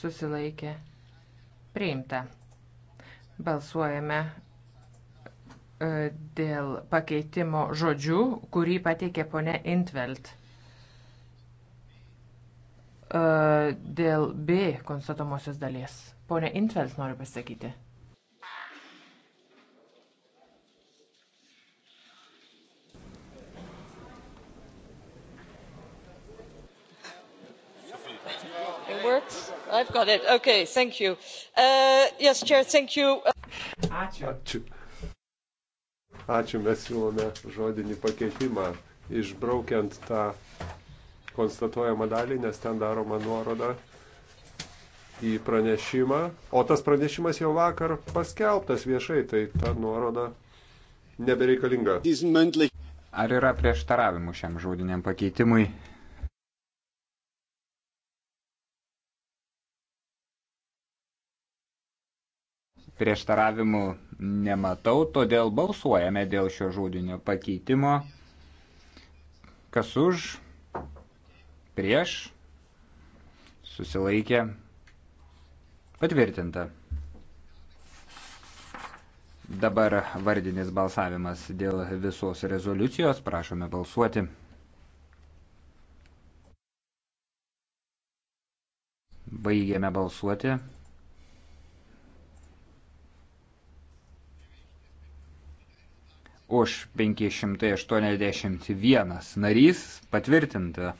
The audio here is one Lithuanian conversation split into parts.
susilaikė, priimta. Balsuojame e, dėl pakeitimo žodžių, kurį pateikė ponė Intvelt. E, dėl B konstatomosios dalies. Pone Intvelt nori pasakyti. got it. Okay, thank you. Uh, yes, Chair, thank you. Ačiū. Ačiū. Ačiū, mes siūlome žodinį pakeitimą, išbraukiant tą konstatuojamą dalį, nes ten daroma nuoroda į pranešimą, o tas pranešimas jau vakar paskelbtas viešai, tai ta nuoroda nebereikalinga. Ar yra prieštaravimų šiam žodiniam pakeitimui? prieštaravimų nematau, todėl balsuojame dėl šio žodinio pakeitimo. Kas už, prieš, susilaikė, patvirtinta. Dabar vardinis balsavimas dėl visos rezoliucijos. Prašome balsuoti. Baigėme balsuoti. už 581 narys patvirtinta.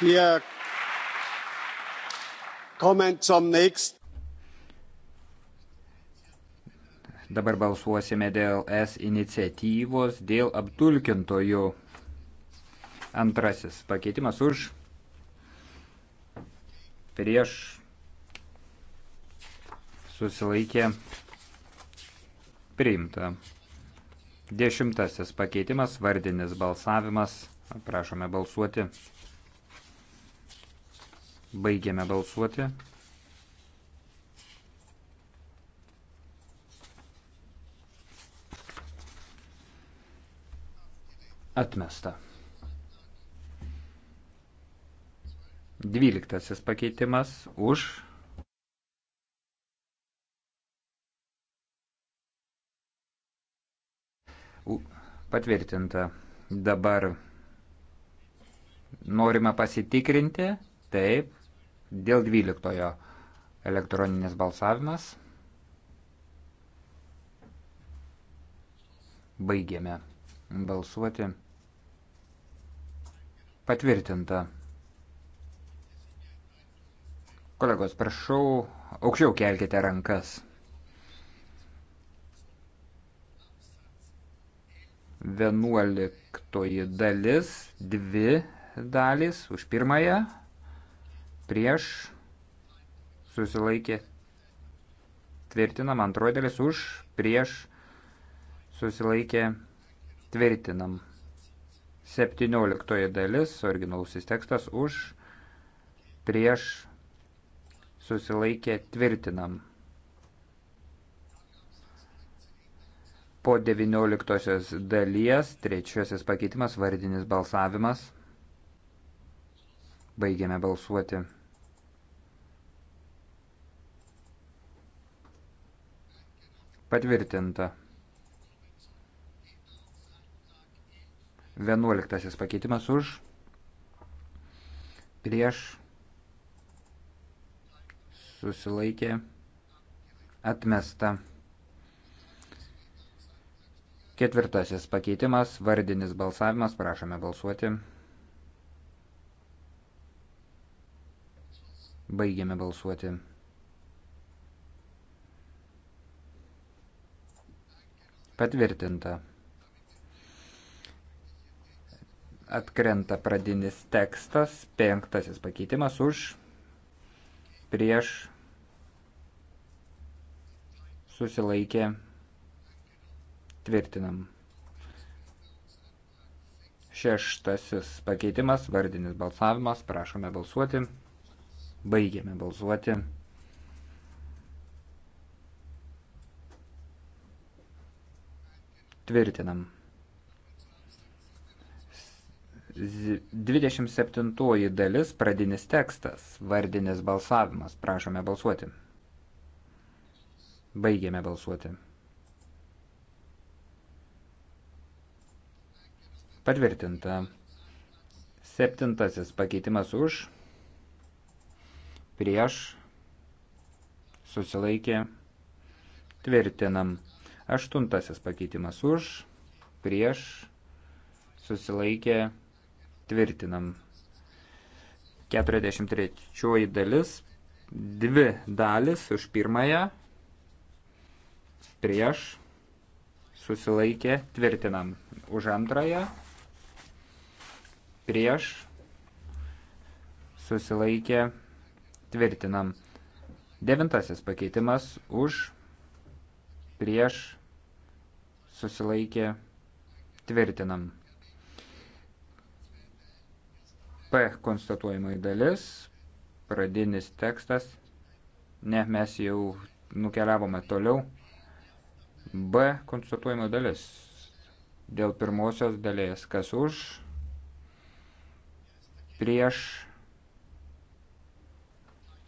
Wir kommen zum nächsten. Dabar balsuosime dėl S iniciatyvos dėl apdulkintojų. Antrasis pakeitimas už prieš susilaikė priimta. Dešimtasis pakeitimas vardinis balsavimas. Prašome balsuoti. Baigiame balsuoti. Atmesta. Dvyliktasis pakeitimas už. Patvirtinta. Dabar norime pasitikrinti. Taip. Dėl dvyliktojo elektroninis balsavimas. Baigėme balsuoti. Patvirtinta. Kolegos, prašau, aukščiau kelkite rankas. Vienuoliktoji dalis, dvi dalis už pirmąją, prieš, susilaikė, tvirtinam, antroji dalis už, prieš, susilaikė, tvirtinam. 17 dalis, originalusis tekstas už, prieš, susilaikė, tvirtinam. Po 19 dalies, trečiasis pakeitimas, vardinis balsavimas. Baigiame balsuoti. Patvirtinta. Vienuoliktasis pakeitimas už, prieš, susilaikė, atmesta. Ketvirtasis pakeitimas, vardinis balsavimas, prašome balsuoti. Baigėme balsuoti. Patvirtinta. atkrenta pradinis tekstas, penktasis pakeitimas už, prieš, susilaikė, tvirtinam. Šeštasis pakeitimas, vardinis balsavimas, prašome balsuoti, baigiame balsuoti. Tvirtinam. 27 dalis pradinis tekstas, vardinis balsavimas. Prašome balsuoti. Baigėme balsuoti. Patvirtinta. Septintasis pakeitimas už, prieš, susilaikė, tvirtinam. Aštuntasis pakeitimas už, prieš, susilaikė, tvirtinam tvirtinam. 43 dalis, dvi dalis už pirmąją, prieš, susilaikė, tvirtinam. Už antrąją, prieš, susilaikė, tvirtinam. Devintasis pakeitimas už, prieš, susilaikė, tvirtinam. P konstatuojamai dalis, pradinis tekstas, ne, mes jau nukeliavome toliau. B konstatuojamai dalis, dėl pirmosios dalies, kas už, prieš,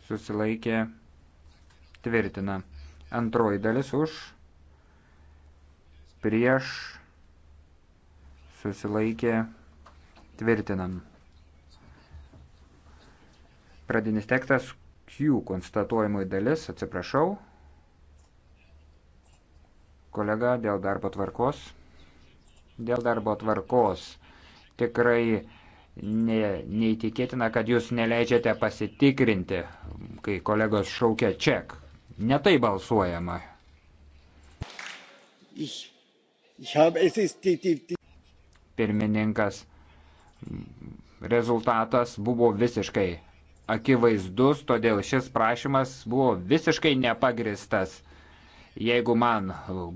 susilaikė, tvirtina. Antroji dalis už, prieš, susilaikė, tvirtinam. Pradinis tekstas Q konstatuojamoji dalis, atsiprašau. Kolega, dėl darbo tvarkos. Dėl darbo tvarkos. Tikrai ne, neįtikėtina, kad jūs neleidžiate pasitikrinti, kai kolegos šaukia ček. Netai balsuojama. Ich, ich hab, es ist die, die, die. Pirmininkas, rezultatas buvo visiškai akivaizdus, todėl šis prašymas buvo visiškai nepagristas. Jeigu man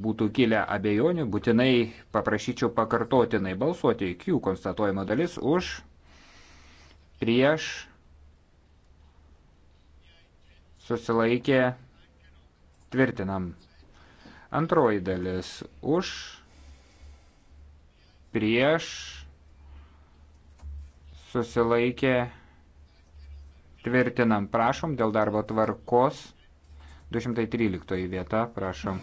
būtų kilę abejonių, būtinai paprašyčiau pakartotinai balsuoti Q konstatuojimo dalis už, prieš, susilaikė, tvirtinam. Antroji dalis už, prieš, susilaikė, tvirtinam Tvirtinam, prašom, dėl darbo tvarkos 213 vieta, prašom.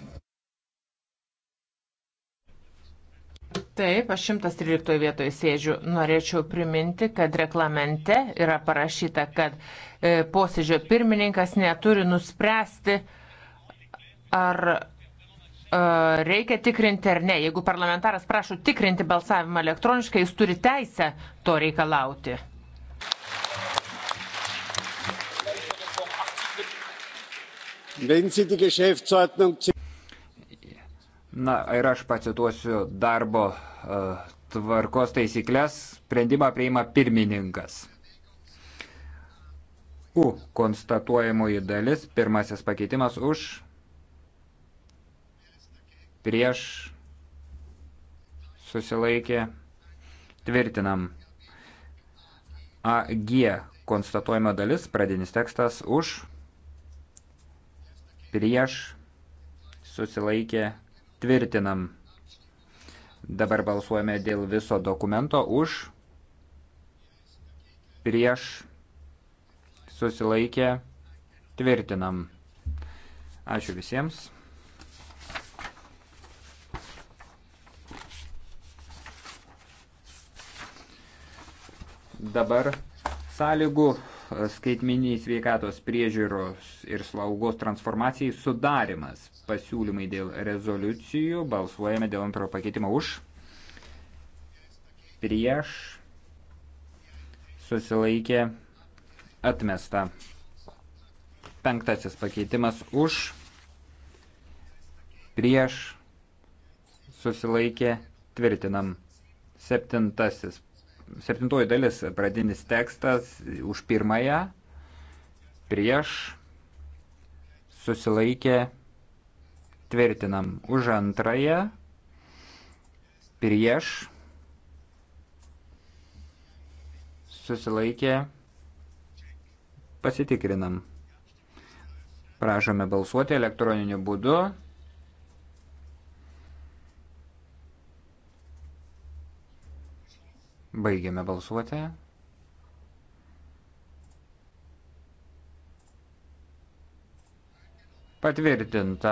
Taip, aš 113 vietoje sėdžiu. Norėčiau priminti, kad reglamente yra parašyta, kad e, posėdžio pirmininkas neturi nuspręsti, ar e, reikia tikrinti ar ne. Jeigu parlamentaras prašo tikrinti balsavimą elektroniškai, jis turi teisę to reikalauti. Na ir aš pacituosiu darbo uh, tvarkos taisyklės, sprendimą priima pirmininkas. U konstatuojamoji dalis, pirmasis pakeitimas už, prieš, susilaikė, tvirtinam. AG konstatuojama dalis, pradinis tekstas už, prieš, susilaikė, tvirtinam. Dabar balsuojame dėl viso dokumento už, prieš, susilaikė, tvirtinam. Ačiū visiems. Dabar sąlygų skaitminiai sveikatos priežiūros ir slaugos transformacijai sudarimas. Pasiūlymai dėl rezoliucijų. Balsuojame dėl antro pakeitimo už. Prieš. Susilaikė. Atmesta. Penktasis pakeitimas už. Prieš. Susilaikė. Tvirtinam. Septintasis septintoji dalis pradinis tekstas už pirmąją prieš susilaikė tvirtinam už antrąją prieš susilaikė pasitikrinam. Prašome balsuoti elektroniniu būdu. Baigiame balsuoti. Patvirtinta.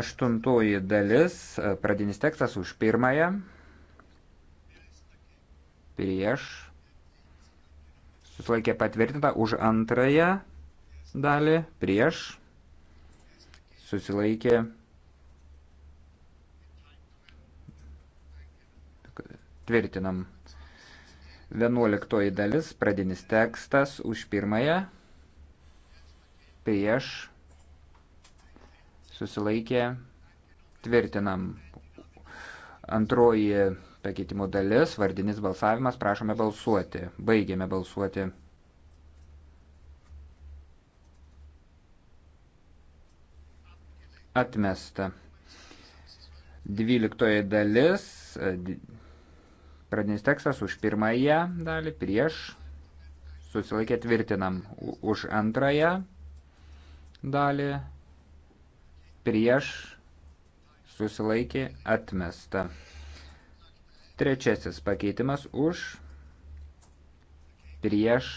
Aštuntoji dalis, pradinis tekstas už pirmąją, prieš, susilaikė patvirtinta, už antrąją dalį, prieš, susilaikė patvirtinta Tvirtinam. 11 dalis, pradinis tekstas už pirmąją, prieš, susilaikė, tvirtinam. Antroji pakeitimo dalis, vardinis balsavimas, prašome balsuoti. Baigėme balsuoti. Atmesta. Dvyliktoji dalis, Pradinis tekstas už pirmąją dalį, prieš, susilaikė tvirtinam, už antrąją dalį, prieš, susilaikė atmesta. Trečiasis pakeitimas už, prieš,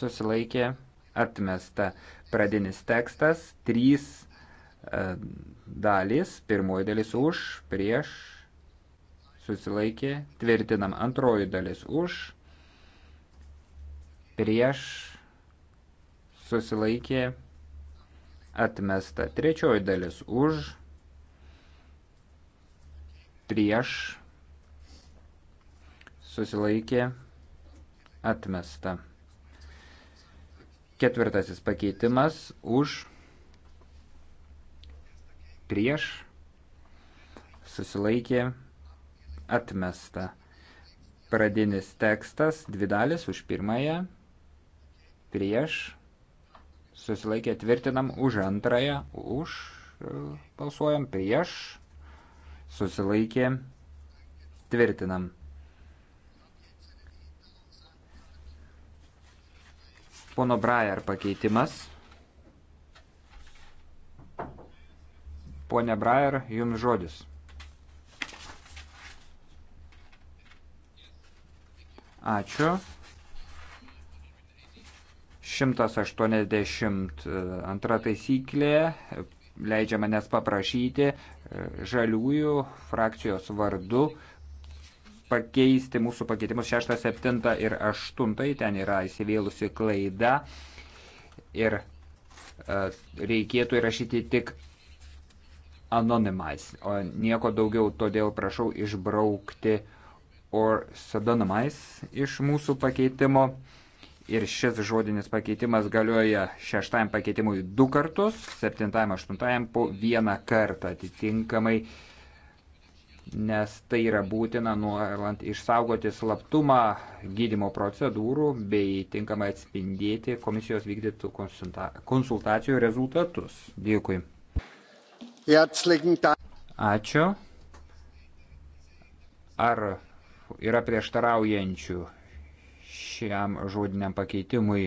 susilaikė atmesta. Pradinis tekstas, trys e, dalys, pirmoji dalis už, prieš, susilaikė, tvirtinam antroji dalis už, prieš, susilaikė, atmesta trečioji dalis už, prieš, susilaikė, atmesta. Ketvirtasis pakeitimas už, prieš, susilaikė, atmesta atmesta. Pradinis tekstas, dvi dalis už pirmąją, prieš, susilaikė tvirtinam už antrąją, už, e, balsuojam, prieš, susilaikė tvirtinam. Pono Brajer pakeitimas. Pone Brajer, jums žodis. Ačiū. 182 e, taisyklė leidžia manęs paprašyti e, žaliųjų frakcijos vardu pakeisti mūsų pakeitimus 6, 7 ir 8, ten yra įsivėlusi klaida ir e, reikėtų įrašyti tik anonimize, o nieko daugiau, todėl prašau išbraukti uh, or sedanamais iš mūsų pakeitimo. Ir šis žodinis pakeitimas galioja šeštajam pakeitimui du kartus, septintajam, aštuntajam po vieną kartą atitinkamai, nes tai yra būtina nuolant išsaugoti slaptumą gydimo procedūrų bei tinkamai atspindėti komisijos vykdytų konsulta konsultacijų rezultatus. Dėkui. Ačiū. Ar yra prieštaraujančių šiam žodiniam pakeitimui.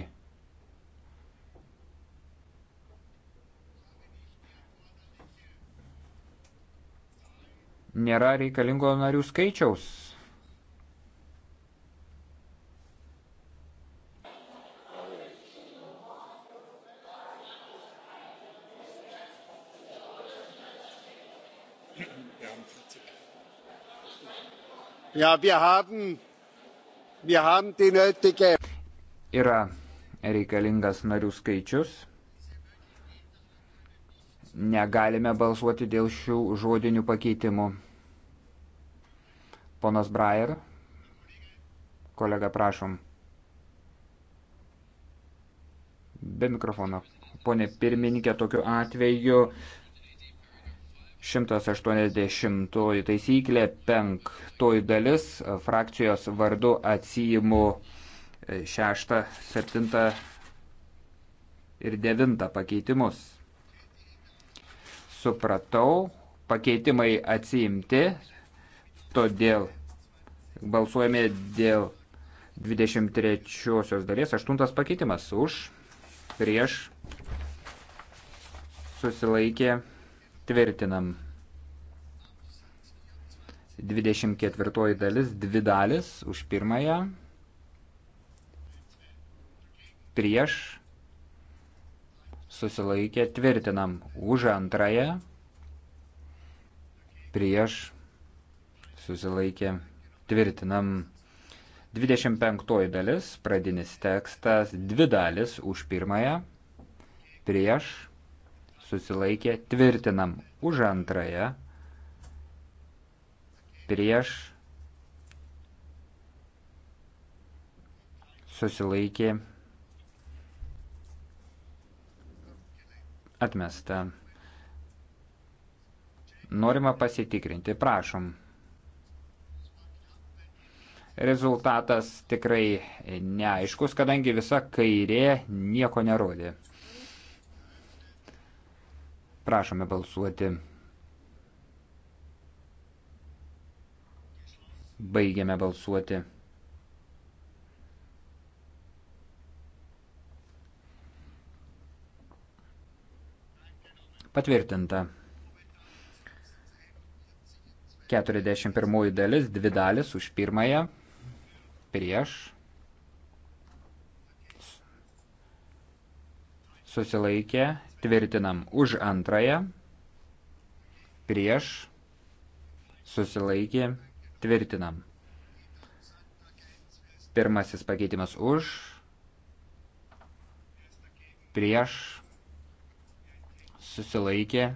Nėra reikalingo narių skaičiaus Ja, wir haben, wir haben die nötige. Yra reikalingas narių skaičius. Negalime balsuoti dėl šių žodinių pakeitimų. Ponas Brayer, kolega, prašom. Be mikrofono. Pone pirmininkė, tokiu atveju 180 taisyklė, penktoji dalis, frakcijos vardu atsijimu e, šeštą, septintą ir devintą pakeitimus. Supratau, pakeitimai atsiimti, todėl balsuojame dėl 23 dalies, aštuntas pakeitimas už, prieš, susilaikė, Tvirtinam. 24 dalis, dvi dalis už pirmąją, prieš, susilaikę, tvirtinam už antrąją, prieš, susilaikė, tvirtinam 25 dalis, pradinis tekstas, dvi dalis už pirmąją, prieš, susilaikė tvirtinam už antrąją prieš susilaikė atmesta. Norima pasitikrinti, prašom. Rezultatas tikrai neaiškus, kadangi visa kairė nieko nerodė. Prašome balsuoti. Baigiame balsuoti. Patvirtinta. 41 dalis, dvi dalis už pirmąją, prieš, susilaikė, Tvirtinam už antrąją, prieš, susilaikė, tvirtinam. Pirmasis pakeitimas už, prieš, susilaikė,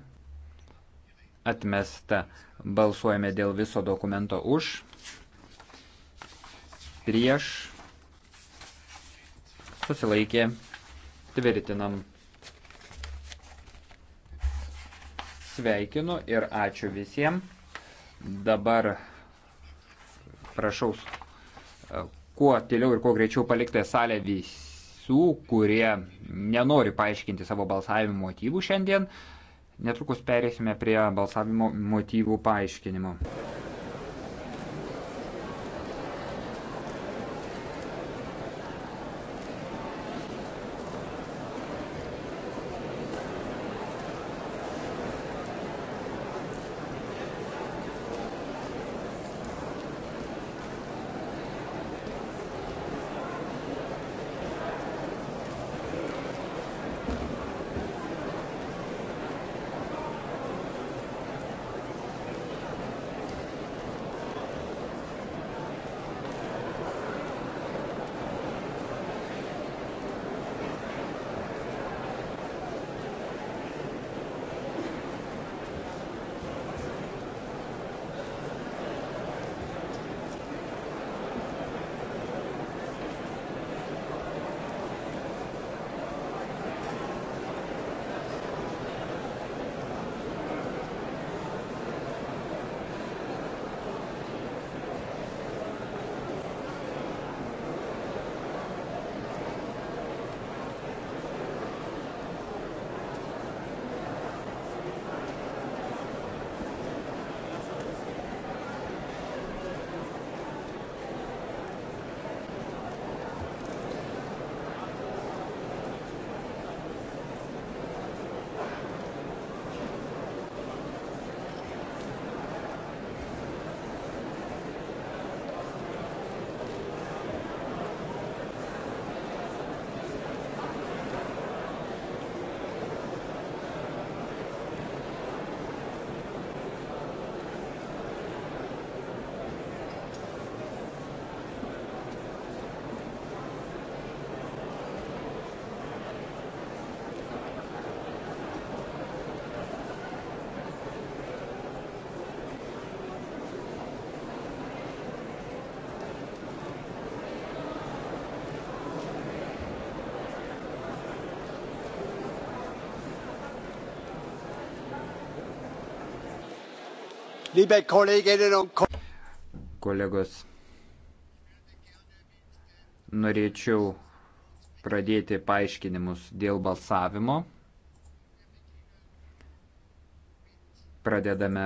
atmesta. Balsuojame dėl viso dokumento už, prieš, susilaikė, tvirtinam. Sveikinu ir ačiū visiems. Dabar prašau e, kuo tiliau ir kuo greičiau palikti salę visų, kurie nenori paaiškinti savo balsavimo motyvų šiandien. Netrukus perėsime prie balsavimo motyvų paaiškinimo. Kolegos, norėčiau pradėti paaiškinimus dėl balsavimo. Pradedame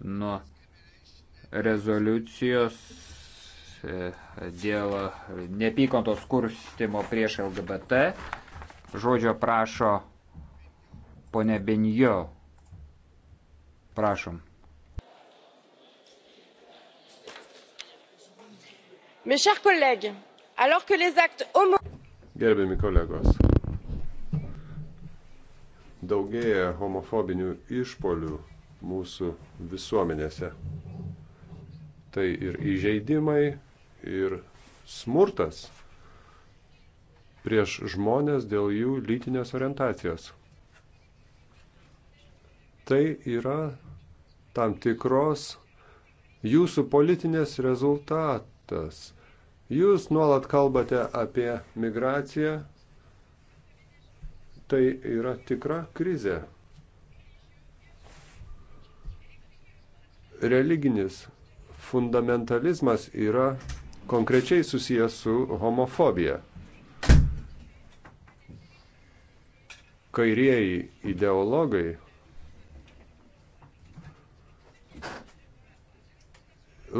nuo rezoliucijos e, dėl neapykantos kurstimo prieš LGBT. Žodžio prašo ponia Benjo. Prašom. Gerbiami kolegos, daugėja homofobinių išpolių mūsų visuomenėse. Tai ir įžeidimai, ir smurtas prieš žmonės dėl jų lytinės orientacijos. Tai yra tam tikros jūsų politinės rezultatas. Jūs nuolat kalbate apie migraciją. Tai yra tikra krizė. Religinis fundamentalizmas yra konkrečiai susijęs su homofobija. Kairieji ideologai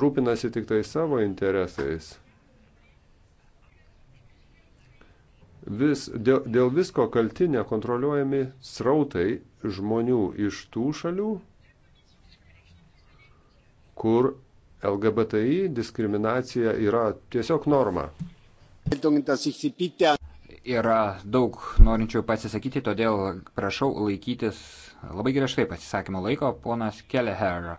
rūpinasi tik tai savo interesais. Vis, dėl, dėl visko kalti nekontroliuojami srautai žmonių iš tų šalių, kur LGBTI diskriminacija yra tiesiog norma. Yra daug norinčių pasisakyti, todėl prašau laikytis labai griežtai pasisakymo laiko, ponas Kelleher.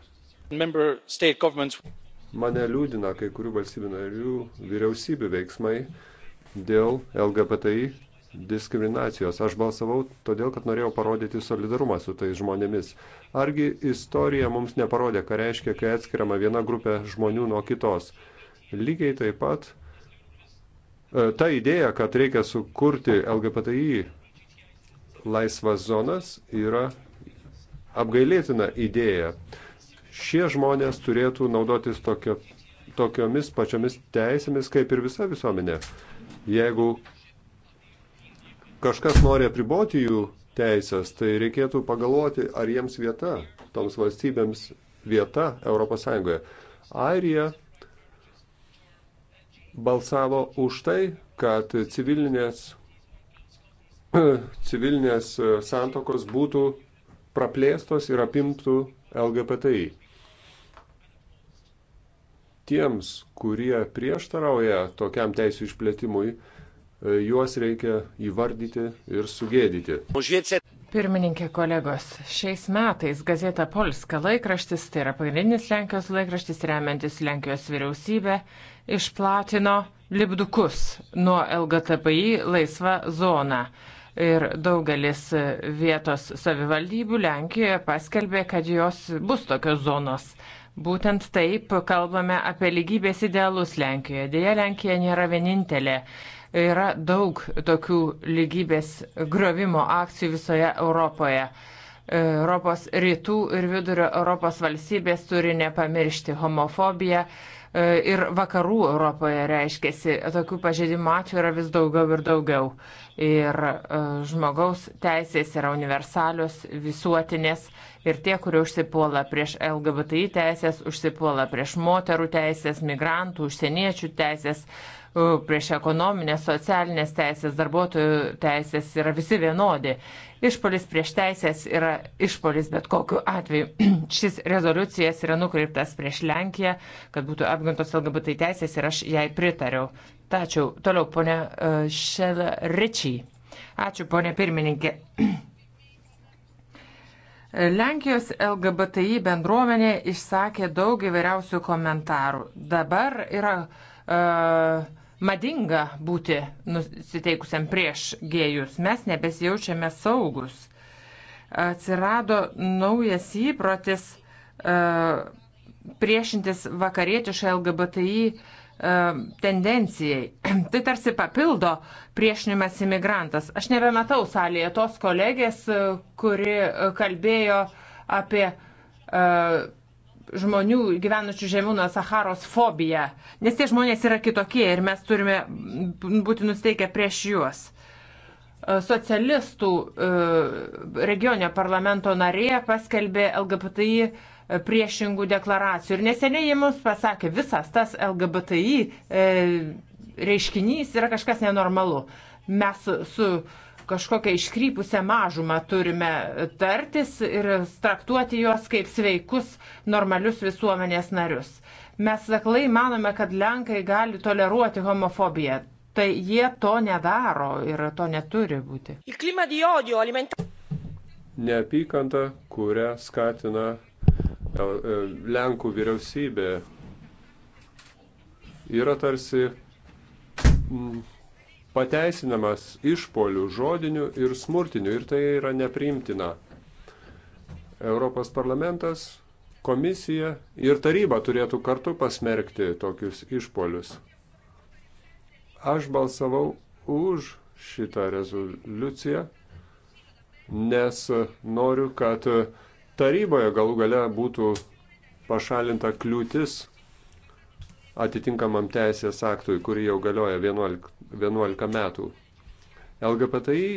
Mane liūdina kai kurių valstybių narių vyriausybių veiksmai dėl LGBTI diskriminacijos. Aš balsavau todėl, kad norėjau parodyti solidarumą su tais žmonėmis. Argi istorija mums neparodė, ką reiškia, kai atskiriama viena grupė žmonių nuo kitos. Lygiai taip pat e, ta idėja, kad reikia sukurti LGBTI laisvas zonas, yra apgailėtina idėja šie žmonės turėtų naudotis tokio, tokiomis pačiomis teisėmis kaip ir visa visuomenė. Jeigu kažkas nori apriboti jų teisės, tai reikėtų pagalvoti, ar jiems vieta, toms valstybėms vieta ES. Airija balsavo už tai, kad civilinės, civilinės santokos būtų praplėstos ir apimtų LGBTI tiems, kurie prieštarauja tokiam teisų išplėtimui, e, juos reikia įvardyti ir sugėdyti. Pirmininkė kolegos, šiais metais Gazeta Polska laikraštis, tai yra pagrindinis Lenkijos laikraštis remiantis Lenkijos vyriausybę, išplatino libdukus nuo LGTBI laisvą zoną. Ir daugelis vietos savivaldybių Lenkijoje paskelbė, kad jos bus tokios zonos. Būtent taip kalbame apie lygybės idealus Lenkijoje. Deja, Lenkija nėra vienintelė. Yra daug tokių lygybės grovimo akcijų visoje Europoje. Europos rytų ir vidurio Europos valstybės turi nepamiršti homofobiją e, ir vakarų Europoje reiškėsi. Tokių pažeidimų atveju yra vis daugiau ir daugiau. Ir e, žmogaus teisės yra universalios, visuotinės ir tie, kurie užsipuola prieš LGBTI teisės, užsipuola prieš moterų teisės, migrantų, užsieniečių teisės, prieš ekonominės, socialinės teisės, darbuotojų teisės yra visi vienodi. Išpolis prieš teisės yra išpolis, bet kokiu atveju šis rezoliucijas yra nukreiptas prieš Lenkiją, kad būtų apgintos LGBT teisės ir aš jai pritariau. Tačiau toliau, ponė e, Šela Ričiai. Ačiū, ponė pirmininkė. Lenkijos LGBTI bendruomenė išsakė daug įvairiausių komentarų. Dabar yra uh, madinga būti nusiteikusiam prieš gėjus. Mes nebesijaučiame saugus. Atsirado naujas įprotis uh, priešintis vakarietiškai LGBTI uh, E, tendencijai. Tai tarsi papildo priešinimas imigrantas. Aš nebematau salėje tos kolegės, e, kuri e, kalbėjo apie uh, žmonių gyvenančių žemiau nuo Saharos fobiją, nes tie žmonės yra kitokie ir mes turime būti nusteikę prieš juos. Socialistų uh, regionio parlamento narė paskelbė LGBTI uh, priešingų deklaracijų. Ir neseniai jie mums pasakė, visas tas LGBTI e, reiškinys yra kažkas nenormalu. Mes su, su kažkokią iškrypusią mažumą turime tartis ir traktuoti juos kaip sveikus, normalius visuomenės narius. Mes saklai manome, kad Lenkai gali toleruoti homofobiją. Tai jie to nedaro ir to neturi būti. Neapykanta, kurią skatina E, Lenkų vyriausybė yra tarsi pateisinamas išpolių žodinių ir smurtinių ir tai yra nepriimtina. Europos parlamentas, komisija ir taryba turėtų kartu pasmerkti tokius išpolius. Aš balsavau už šitą rezoliuciją, nes noriu, kad uh, taryboje galų gale būtų pašalinta kliūtis atitinkamam teisės aktui, kurį jau galioja 11, 11 metų. LGBTI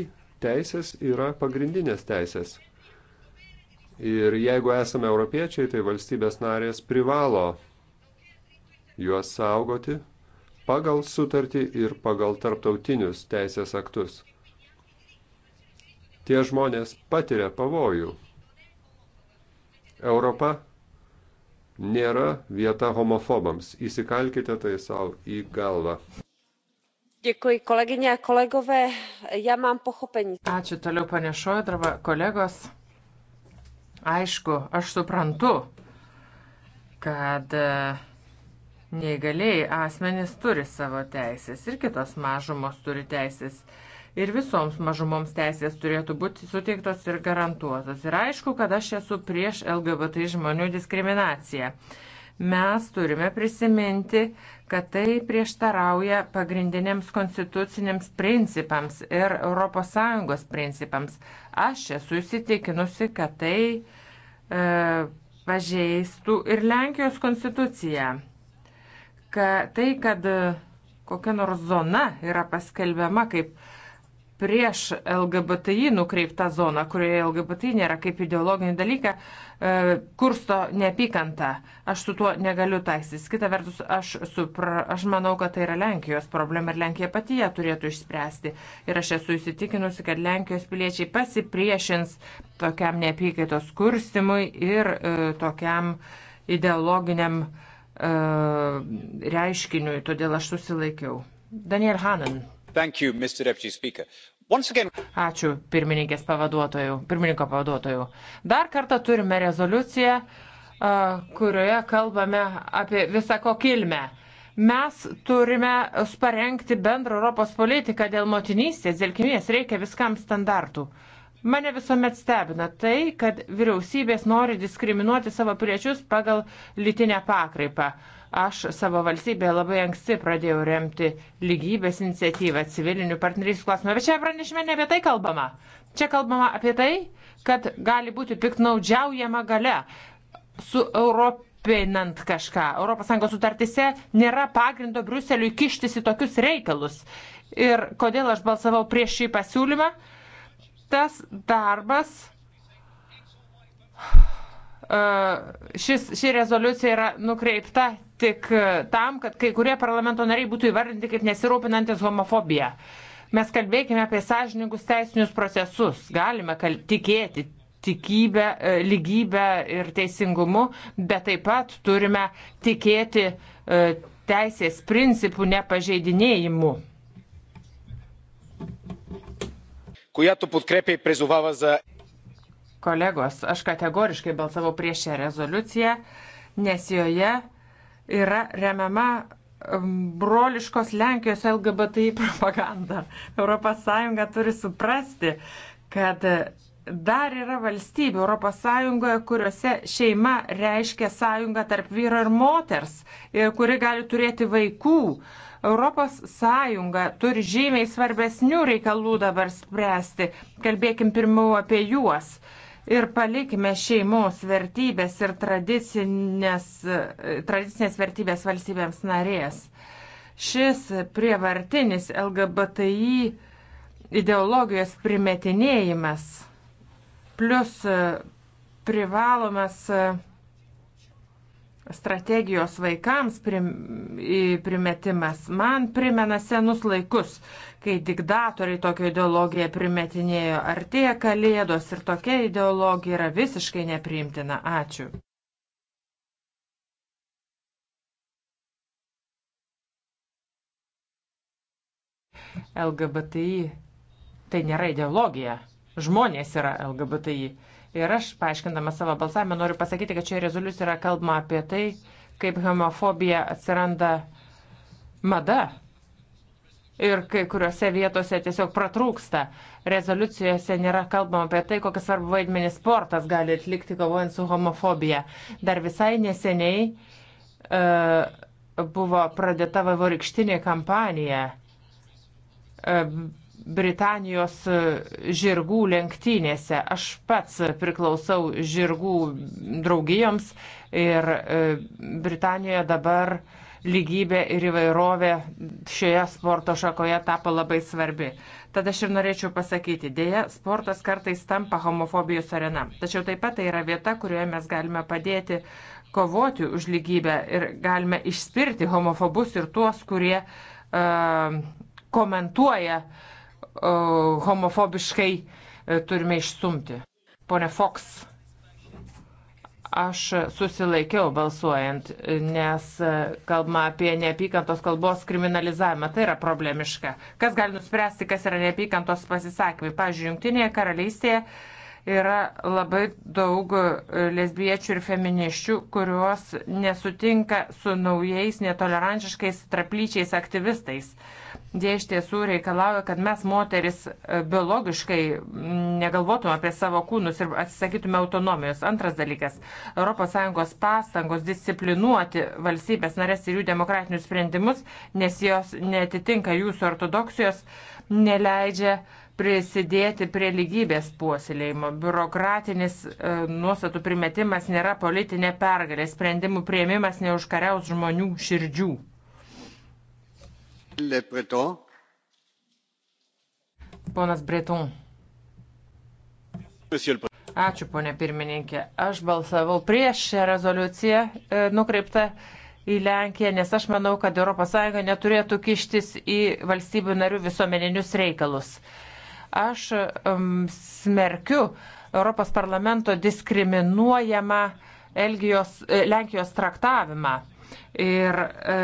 teisės yra pagrindinės teisės. Ir jeigu esame europiečiai, tai valstybės narės privalo juos saugoti pagal sutartį ir pagal tarptautinius teisės aktus. Tie žmonės patiria pavojų Europa nėra vieta homofobams. Įsikalkite tai savo į galvą. Dėkui, koleginė, kolegove, ja man pochopenį. Ačiū toliau, panė Šodrava, kolegos. Aišku, aš suprantu, kad e, neįgaliai asmenys turi savo teisės ir kitos mažumos turi teisės ir visoms mažumoms teisės turėtų būti suteiktos ir garantuotos. Ir aišku, kad aš esu prieš LGBT žmonių diskriminaciją. Mes turime prisiminti, kad tai prieštarauja pagrindiniams konstituciniams principams ir ES principams. Aš esu įsitikinusi, kad tai e, pažeistų ir Lenkijos konstituciją. Ka, tai, kad e, kokia nors zona yra paskelbiama kaip prieš LGBTI nukreiptą zoną, kurioje LGBTI nėra kaip ideologinį dalyką, e, kursto neapykantą. Aš su tuo negaliu taisys. Kita vertus, aš, supra, aš manau, kad tai yra Lenkijos problema ir Lenkija pati ją turėtų išspręsti. Ir aš esu įsitikinusi, kad Lenkijos piliečiai pasipriešins tokiam neapykaitos kurstimui ir e, tokiam ideologiniam e, reiškiniui. Todėl aš susilaikiau. Daniel Hanan. You, Ačiū pirmininkės pavaduotojų, pirmininko pavaduotojų. Dar kartą turime rezoliuciją, kurioje kalbame apie visą kokilmę mes turime parengti bendrą Europos politiką dėl motinystės, dėl kilmės, reikia viskam standartų. Mane visuomet stebina tai, kad vyriausybės nori diskriminuoti savo piliečius pagal lytinę pakraipą. Aš savo valstybėje labai anksti pradėjau remti lygybės iniciatyvą civilinių partnerysčių klausimą. Bet čia pranešime ne apie tai kalbama. Čia kalbama apie tai, kad gali būti piknaudžiaujama gale su Europos pinant kažką. ES sutartise nėra pagrindo Bruseliui kištis į tokius reikalus. Ir kodėl aš balsavau prieš šį pasiūlymą? Tas darbas E, šis, ši rezoliucija yra nukreipta tik e, tam, kad kai kurie parlamento nariai būtų įvardinti kaip nesirūpinantis homofobiją. Mes kalbėkime apie sąžininkus teisinius procesus. Galime kal tikėti tikybę, e, lygybę ir teisingumu, bet taip pat turime tikėti teisės principų nepažeidinėjimu. която подкрепя и призовава за Kolegos, aš kategoriškai balsavau prieš šią rezoliuciją, nes joje yra remiama broliškos Lenkijos LGBTI propaganda. ES turi suprasti, kad dar yra valstybių ES, kuriuose šeima reiškia sąjungą tarp vyro ir moters, e, kuri gali turėti vaikų. ES turi žymiai svarbesnių reikalų dabar spręsti. Kalbėkim pirmiau apie juos ir palikime šeimos vertybės ir tradicinės, tradicinės vertybės valstybėms narės. Šis prievartinis LGBTI ideologijos primetinėjimas plus privalomas strategijos vaikams primetimas man primena senus laikus, kai diktatoriai tokią ideologiją primetinėjo. Artėja kalėdos ir tokia ideologija yra visiškai nepriimtina. Ačiū. LGBTI tai nėra ideologija. Žmonės yra LGBTI. Ir aš, paaiškindama savo balsavimą, noriu pasakyti, kad čia rezoliucija yra kalbama apie tai, kaip homofobija atsiranda mada ir kai kuriuose vietose tiesiog pratrūksta. Rezoliucijose nėra kalbama apie tai, kokią svarbą vaidmenį sportas gali atlikti kovojant su homofobija. Dar visai neseniai uh, buvo pradėta vaivorykštinė kampanija. Uh, Britanijos e, žirgų lenktynėse. Aš pats priklausau žirgų draugijoms ir e, Britanijoje dabar lygybė ir įvairovė šioje sporto šakoje tapo labai svarbi. Tad aš ir norėčiau pasakyti, dėja, sportas kartais tampa homofobijos arena. Tačiau taip pat tai yra vieta, kurioje mes galime padėti kovoti už lygybę ir galime išspirti homofobus ir tuos, kurie uh, komentuoja uh, homofobiškai e, turime išstumti. Pone Fox, aš susilaikiau balsuojant, nes e, kalbama apie neapykantos kalbos kriminalizavimą. Tai yra problemiška. Kas gali nuspręsti, kas yra neapykantos pasisakymai? Pavyzdžiui, Junktinėje karalystėje yra labai daug e, lesbiečių ir feminiščių, kurios nesutinka su naujais netolerantiškais traplyčiais aktyvistais. Uh, Jie iš tiesų reikalauja, kad mes moteris e, biologiškai negalvotume apie savo kūnus ir atsisakytume autonomijos. Antras dalykas - ES pastangos disciplinuoti valstybės narės ir jų demokratinius sprendimus, nes jos netitinka jūsų ortodoksijos, neleidžia prisidėti prie lygybės puoselėjimo. Biurokratinis e, nuostatų primetimas nėra politinė pergalė, sprendimų prieimimas neužkariaus žmonių širdžių. Le Breton. Ponas Breton. Ačiū, ponė pirmininkė. Aš balsavau prieš šią rezoliuciją e, nukreiptą į Lenkiją, nes aš manau, kad ES neturėtų kištis į valstybių narių visuomeninius reikalus. Aš um, smerkiu Europos parlamento diskriminuojamą Elgijos, e, Lenkijos traktavimą. Ir e,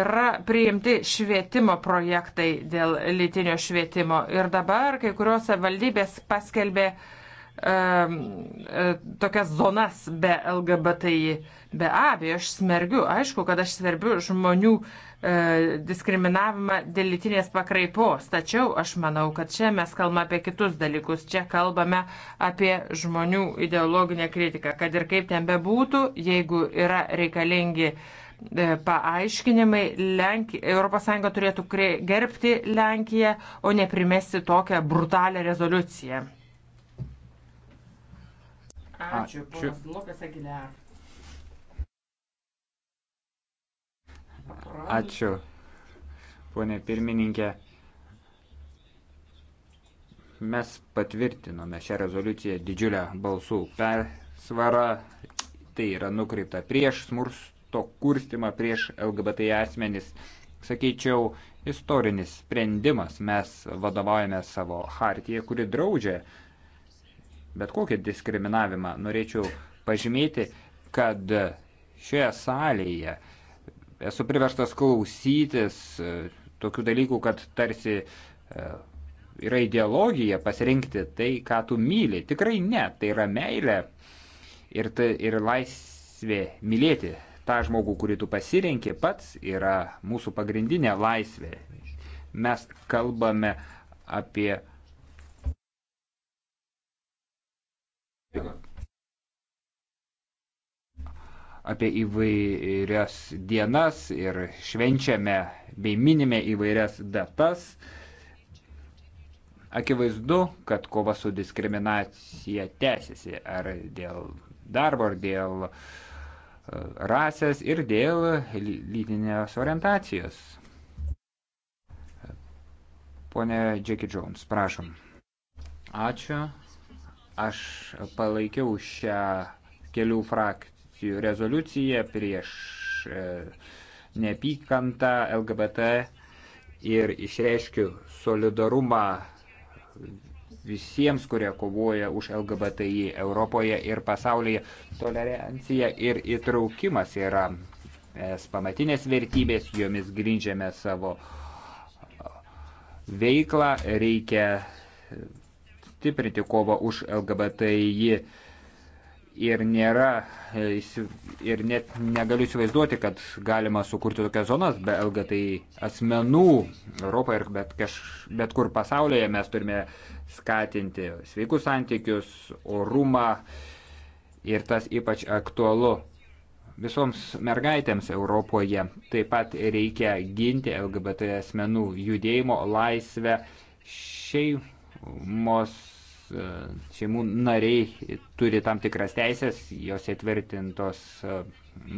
yra priimti švietimo projektai dėl lytinio švietimo. Ir dabar kai kurios valdybės paskelbė e, e, tokias zonas be LGBTI. Be abejo, aš smergiu, aišku, kad aš smergiu žmonių e, diskriminavimą dėl lytinės pakraipos. Tačiau aš manau, kad čia mes kalbame apie kitus dalykus. Čia kalbame apie žmonių ideologinę kritiką. Kad ir kaip ten bebūtų, jeigu yra reikalingi E, paaiškinimai. Lenk... ES turėtų gerbti Lenkiją, o ne primesti tokią brutalią rezoliuciją. Ačiū, Ačiū. ponas Lopes Aguilar. Ačiū, ponė pirmininkė. Mes patvirtinome šią rezoliuciją didžiulę balsų persvarą. Tai yra nukreipta prieš smurst smurto kurstimą prieš LGBT asmenis. Sakyčiau, istorinis sprendimas. Mes vadovaujame savo hartiją, kuri draudžia bet kokį diskriminavimą. Norėčiau pažymėti, kad šioje salėje esu priverstas klausytis e, tokių dalykų, kad tarsi e, yra ideologija pasirinkti tai, ką tu myli. Tikrai ne, tai yra meilė ir, tai, ir laisvė mylėti tą žmogų, kurį tu pasirenki, pats yra mūsų pagrindinė laisvė. Mes kalbame apie. apie įvairias dienas ir švenčiame bei minime įvairias datas. Akivaizdu, kad kova su diskriminacija tęsiasi ar dėl darbo, ar dėl uh, rasės ir dėl lytinės orientacijos. Pone Jackie Jones, prašom. Ačiū. Aš palaikiau šią kelių frakcijų rezoliuciją prieš e, neapykantą LGBT ir išreiškiu solidarumą visiems, kurie kovoja už LGBTI Europoje ir pasaulyje. Tolerancija ir įtraukimas yra pamatinės vertybės, jomis grindžiame savo veiklą, reikia stiprinti kovą už LGBTI ir nėra, e, ir net negaliu įsivaizduoti, kad galima sukurti tokias zonas be LGTI asmenų Europoje ir bet, kaž, bet kur pasaulyje mes turime skatinti sveikus santykius, orumą ir tas ypač aktualu visoms mergaitėms Europoje. Taip pat reikia ginti LGBT asmenų judėjimo laisvę šeimos E, šeimų nariai turi tam tikras teisės, jos įtvirtintos e,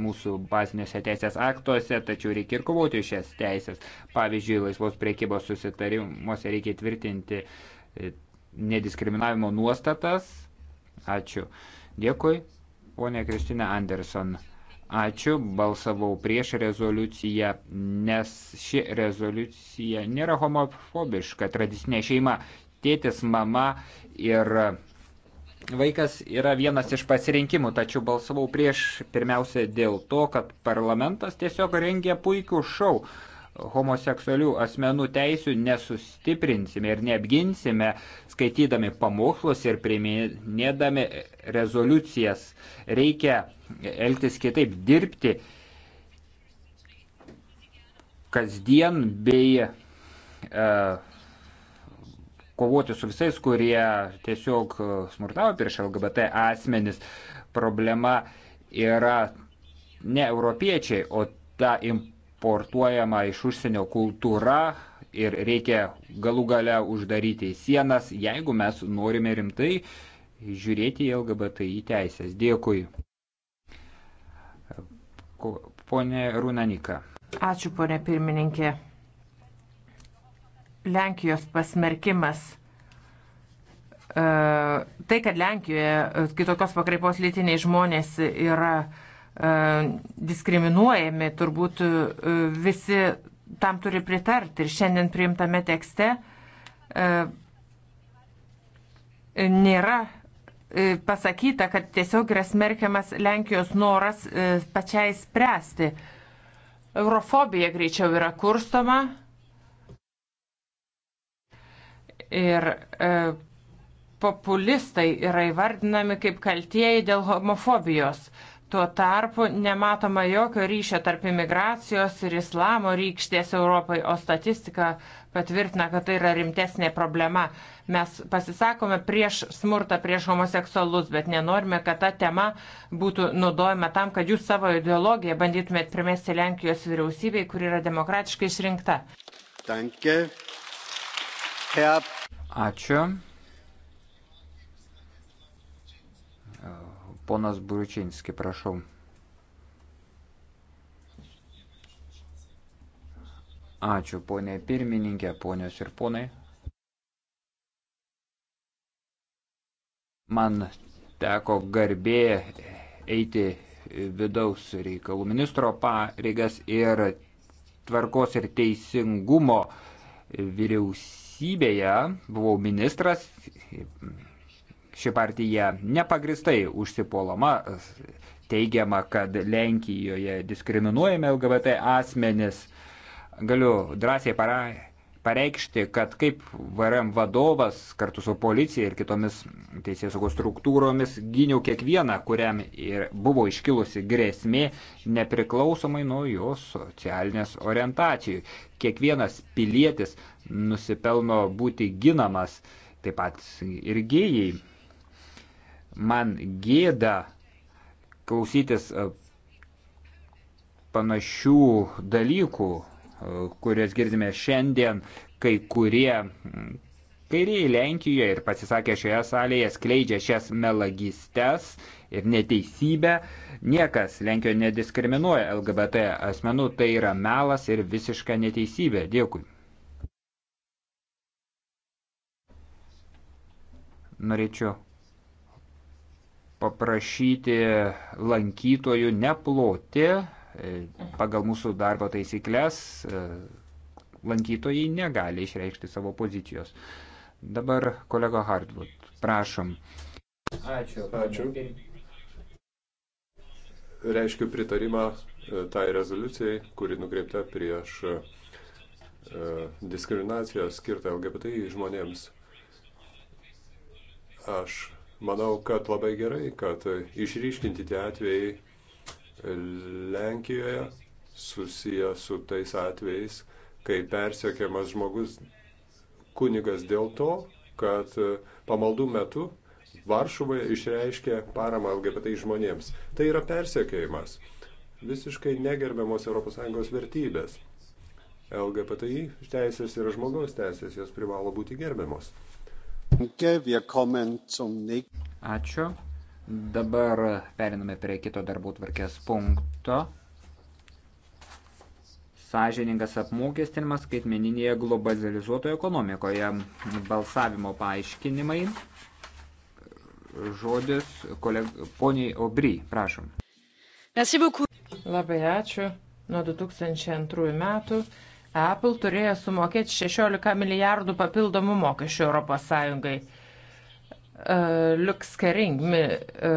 mūsų bazinėse teisės aktuose, tačiau reikia ir kovoti už šias teisės. Pavyzdžiui, laisvos priekybos susitarimuose reikia tvirtinti e, nediskriminavimo nuostatas. Ačiū. Dėkui, ponė Kristina Anderson. Ačiū, balsavau prieš rezoliuciją, nes ši rezoliucija nėra homofobiška, tradicinė šeima tėtis, mama ir vaikas yra vienas iš pasirinkimų, tačiau balsavau prieš pirmiausia dėl to, kad parlamentas tiesiog rengia puikų šau. Homoseksualių asmenų teisių nesustiprinsime ir neapginsime, skaitydami pamokslus ir priminėdami rezoliucijas. Reikia elgtis kitaip, dirbti kasdien bei uh, kovoti su visais, kurie tiesiog e, smurtavo prieš LGBT asmenis. Problema yra ne europiečiai, o ta importuojama iš užsienio kultūra ir reikia galų gale uždaryti sienas, jeigu mes norime rimtai žiūrėti į LGBTI teisės. Dėkui. Pone Runanika. Ačiū, ponė pirmininkė. Lenkijos pasmerkimas. E, tai, kad Lenkijoje e, kitokios pakraipos lytiniai žmonės yra e, diskriminuojami, turbūt visi tam turi pritarti. Ir šiandien priimtame tekste nėra pasakyta, kad tiesiog yra smerkiamas Lenkijos noras pačiai spręsti. Eurofobija greičiau yra kurstoma, Ir e, populistai yra įvardinami kaip kaltieji dėl homofobijos. Tuo tarpu nematoma jokio ryšio tarp imigracijos ir islamo rykštės Europai, o statistika patvirtina, kad tai yra rimtesnė problema. Mes pasisakome prieš smurtą, prieš homoseksualus, bet nenorime, kad ta tema būtų naudojama tam, kad jūs savo ideologiją bandytumėt primesti Lenkijos vyriausybei, kuri yra demokratiškai išrinkta. Danke. Herr Ačiū. Ponas Bručinski, prašau. Ačiū, ponė pirmininkė, ponios ir ponai. Man teko garbė eiti vidaus reikalų ministro pareigas ir tvarkos ir teisingumo vyriausybės vyriausybėje buvau ministras, ši partija nepagristai užsipuolama, teigiama, kad Lenkijoje diskriminuojame LGBT asmenis. Galiu drąsiai pareikšti, kad kaip VRM vadovas kartu su policija ir kitomis teisės saugos struktūromis gyniau kiekvieną, kuriam ir buvo iškilusi grėsmė nepriklausomai nuo jos socialinės orientacijų. Kiekvienas pilietis nusipelno būti ginamas, taip pat ir gėjai. Man gėda klausytis e, panašių dalykų, e, kurias girdime šiandien, kai kurie kairieji Lenkijoje ir pasisakė šioje salėje skleidžia šias melagystes ir neteisybę. Niekas Lenkijoje nediskriminuoja LGBT asmenų, tai yra melas ir visiška neteisybė. Dėkui. Norėčiau paprašyti lankytojų neploti e, pagal mūsų darbo taisyklės. E, lankytojai negali išreikšti savo pozicijos. Dabar kolego Hardwood, prašom. Ačiū. Ačiū. Reiškiu pritarimą e, tai rezoliucijai, kuri nukreipta prieš diskriminaciją skirtą LGBT žmonėms Aš manau, kad labai gerai, kad išryškinti tie atvejai Lenkijoje susiję su tais atvejais, kai persiekiamas žmogus kunigas dėl to, kad pamaldų metu Varšuvoje išreiškė paramą LGBT žmonėms. Tai yra persiekėjimas. Visiškai negerbiamos ES vertybės. LGBTI teisės yra žmogaus teisės, jos privalo būti gerbiamos. Ačiū. Dabar periname prie kito darbų tvarkės punkto. Sąžiningas apmokestinimas skaitmeninėje globalizuotoje ekonomikoje. Balsavimo paaiškinimai. Žodis koleg... poniai Obry, prašom. Labai ačiū. Nuo 2002 metų Apple turėjo sumokėti 16 milijardų papildomų mokesčių ES. E, Liuks Kering, e,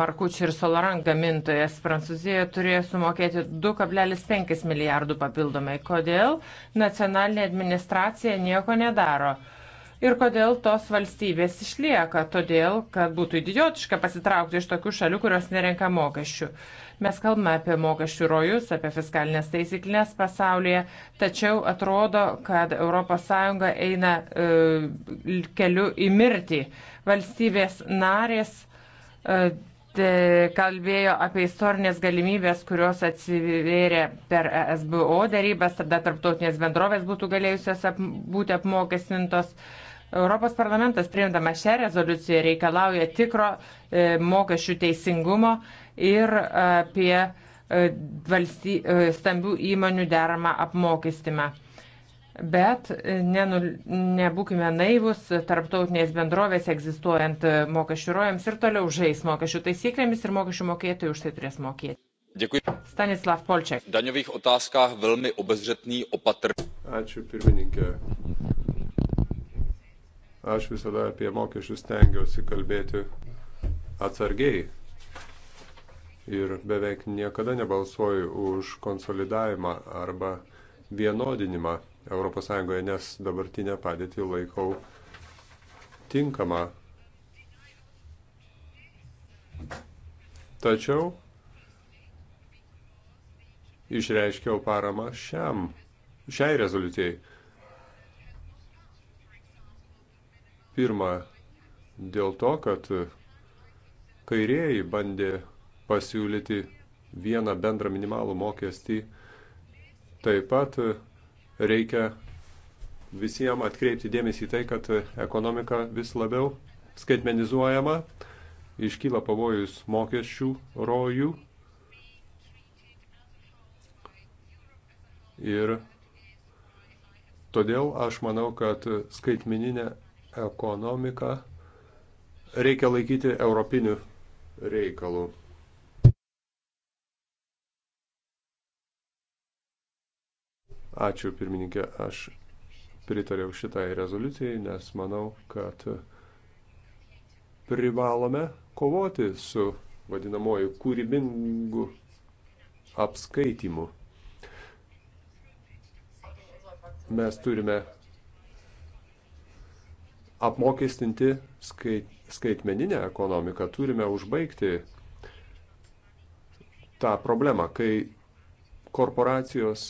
Markučių ir Solarang gamintojas Prancūzijoje turėjo sumokėti 2,5 milijardų papildomai. Kodėl nacionalinė administracija nieko nedaro? ir kodėl tos valstybės išlieka. Todėl, kad būtų idiotiška pasitraukti iš tokių šalių, kurios nerenka mokesčių. Mes kalbame apie mokesčių rojus, apie fiskalinės taisyklės pasaulyje, tačiau atrodo, kad ES eina e, keliu į mirtį. Valstybės narės. E, kalbėjo apie istorinės galimybės, kurios atsivėrė per e SBO darybas, tada tarptautinės bendrovės būtų galėjusios ap, būti apmokestintos. Uh, Europos parlamentas priimdamas šią rezoliuciją reikalauja tikro e, mokesčių teisingumo ir apie e, valsty, e, stambių įmonių deramą apmokestimą. Bet e, nenu, nebūkime naivus, tarptautinės bendrovės egzistuojant e, mokesčių rojams ir toliau žais mokesčių taisyklėmis ir mokesčių mokėtojai už tai turės mokėti. Děkuji. Stanislav Polček. V daňových otázkách velmi obezřetný, opatrný. Ačiū pirmininkė Aš visada apie mokesčius tengiuosi kalbėti atsargiai ir beveik niekada nebalsuoju už konsolidavimą arba vienodinimą ES, nes dabartinę padėtį laikau tinkamą. Tačiau išreiškiau paramą šiam, šiai rezoliucijai Pirma, dėl to, kad kairieji bandė pasiūlyti vieną bendrą minimalų mokestį. Taip pat reikia visiems atkreipti dėmesį į tai, kad ekonomika vis labiau skaitmenizuojama, iškyla pavojus mokesčių rojų ir todėl aš manau, kad skaitmeninė ekonomiką reikia laikyti europiniu reikalu. Ačiū pirmininkė, aš pritariau šitai rezoliucijai, nes manau, kad privalome kovoti su vadinamoju kūrybingu apskaitimu. Mes turime apmokestinti skaitmeninę ekonomiką. Turime užbaigti tą problemą, kai korporacijos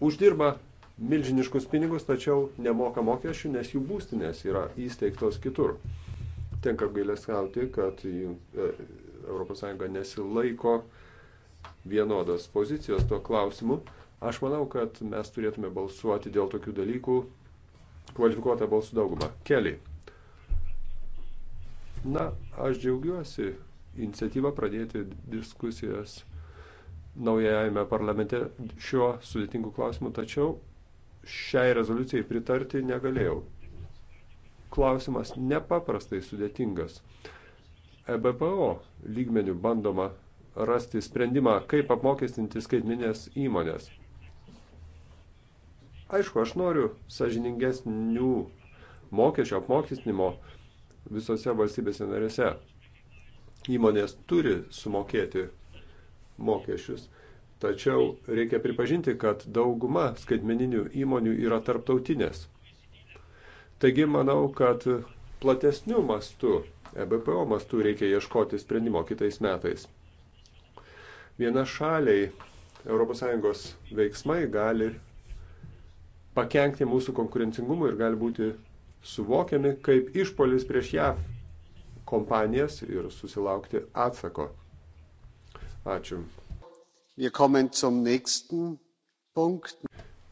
uždirba milžiniškus pinigus, tačiau nemoka mokesčių, nes jų būstinės yra įsteigtos kitur. Tenka gailestauti, kad ES nesilaiko vienodos pozicijos tuo klausimu. Aš manau, kad mes turėtume balsuoti dėl tokių dalykų kvalifikuotą balsų daugumą. Keli. Na, aš džiaugiuosi iniciatyvą pradėti diskusijas naujajame parlamente šiuo sudėtingu klausimu, tačiau šiai rezoliucijai pritarti negalėjau. Klausimas nepaprastai sudėtingas. EBPO lygmenių bandoma rasti sprendimą, kaip apmokestinti skaitminės įmonės. Aišku, aš noriu sažiningesnių mokesčių apmokestinimo visose valstybėse narėse. Įmonės turi sumokėti mokesčius, tačiau reikia pripažinti, kad dauguma skaitmeninių įmonių yra tarptautinės. Taigi manau, kad platesnių mastų, EBPO mastų reikia ieškoti sprendimo kitais metais. Viena šaliai ES veiksmai gali pakengti mūsų konkurencingumui ir gali būti suvokiami kaip išpolis prieš JAV kompanijas ir susilaukti atsako. Ačiū.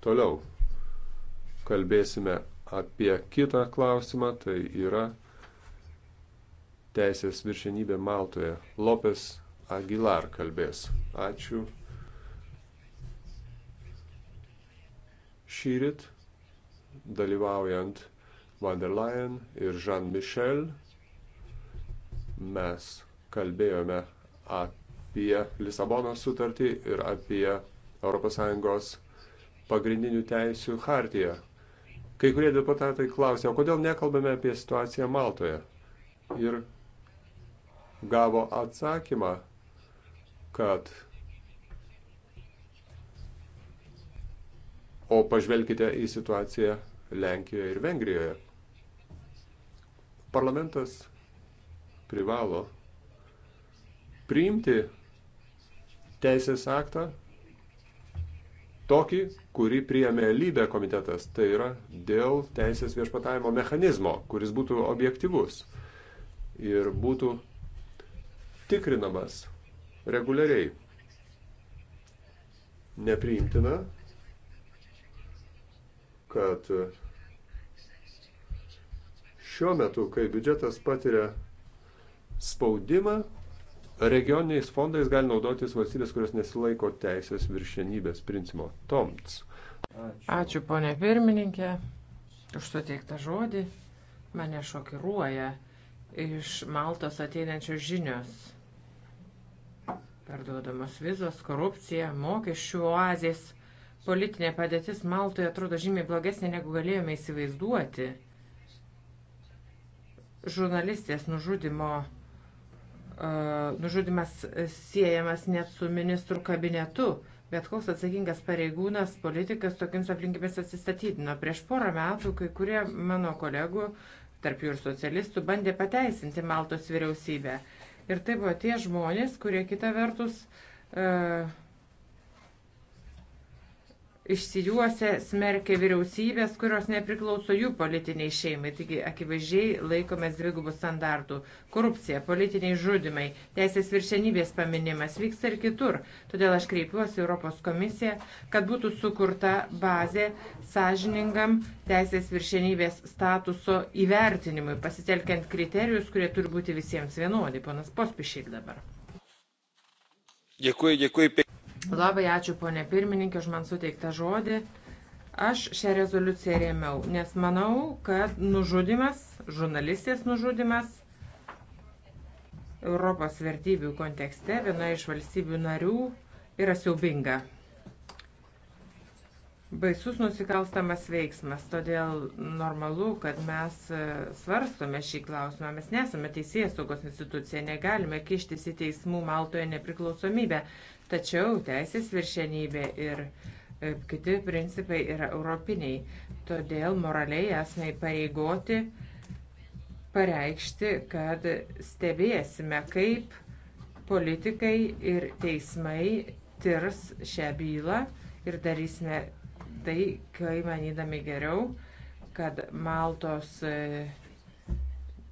Toliau kalbėsime apie kitą klausimą, tai yra teisės viršenybė Maltoje. Lopes Aguilar kalbės. Ačiū šyrit, dalyvaujant Van der Leyen ir Jean Michel, mes kalbėjome apie Lisabonos sutartį ir apie ES pagrindinių teisių hartiją. Kai kurie deputatai klausė, o kodėl nekalbame apie situaciją Maltoje? Ir gavo atsakymą, kad O pažvelkite į situaciją Lenkijoje ir Vengrijoje. Parlamentas privalo priimti teisės aktą tokį, kurį priėmė lybė komitetas. Tai yra dėl teisės viešpatavimo mechanizmo, kuris būtų objektivus ir būtų tikrinamas reguliariai. Nepriimtina, kad šiuo metu, kai biudžetas patiria spaudimą, regioniniais fondais gali naudotis valstybės, kurios nesilaiko teisės viršienybės principo. Toms. Ačiū, Ačiū ponė pirmininkė, už suteiktą žodį. Mane šokiruoja iš Maltos ateinančios žinios. Perduodamos vizos, korupcija, mokesčių oazės politinė padėtis Maltoje atrodo žymiai blogesnė, negu galėjome įsivaizduoti. Žurnalistės nužudimo, e, nužudimas siejamas net su ministrų kabinetu. Bet koks atsakingas pareigūnas, politikas tokiams aplinkybės atsistatydino. Prieš porą metų kai kurie mano kolegų, tarp jų ir socialistų, bandė pateisinti Maltos vyriausybę. Ir tai buvo tie žmonės, kurie kita vertus uh, išsijuose smerkia vyriausybės, kurios nepriklauso jų politiniai šeimai. Taigi akivaizdžiai laikomės dvigubų standartų. Korupcija, politiniai žudimai, teisės viršenybės paminimas vyksta ir kitur. Todėl aš kreipiuosi Europos komisiją, kad būtų sukurta bazė sąžiningam teisės viršenybės statuso įvertinimui, pasitelkiant kriterijus, kurie turi būti visiems vienodi. Ponas Pospišyk dabar. Děkuji, děkuji. Labai ačiū, ponė pirmininkė, už man suteiktą žodį. Aš šią rezoliuciją rėmiau, nes manau, kad nužudimas, žurnalistės nužudimas Europos vertybių kontekste viena iš valstybių narių yra siaubinga baisus nusikalstamas veiksmas, todėl normalu, kad mes e, svarstome šį klausimą. Mes nesame teisėjas saugos institucija, negalime kištis į teismų Maltoje nepriklausomybę, tačiau teisės viršenybė ir e, kiti principai yra europiniai. Todėl moraliai esame įpareigoti pareikšti, kad stebėsime, kaip politikai ir teismai tirs šią bylą ir darysime tai, kai manydami geriau, kad Maltos e,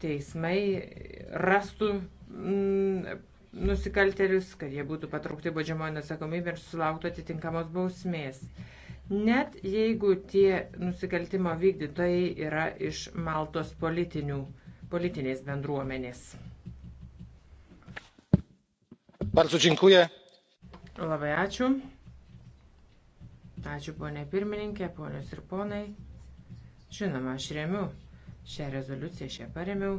teismai rastų nusikaltelius, kad jie būtų patraukti baudžiamojo atsakomybė ir sulauktų atitinkamos bausmės. Net jeigu tie nusikaltimo vykdytojai yra iš Maltos politinės bendruomenės. Bardzo dziękuję. Labai ačiū. Ačiū ponė pirmininkė, ponios ir ponai. Žinoma, aš remiu šią rezoliuciją, šią paremiau,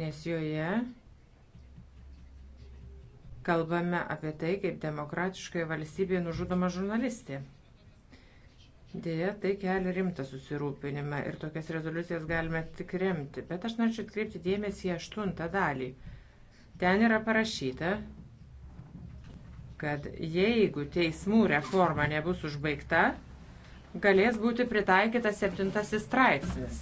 nes joje kalbame apie tai, kaip demokratiškai valstybėje nužudoma žurnalistė. Dėja, tai kelia rimtą susirūpinimą ir tokias rezoliucijas galime tik remti, bet aš norėčiau atkreipti dėmesį į aštuntą dalį. Ten yra parašyta, kad jeigu teismų reforma nebus užbaigta, galės būti pritaikytas septintasis straipsnis.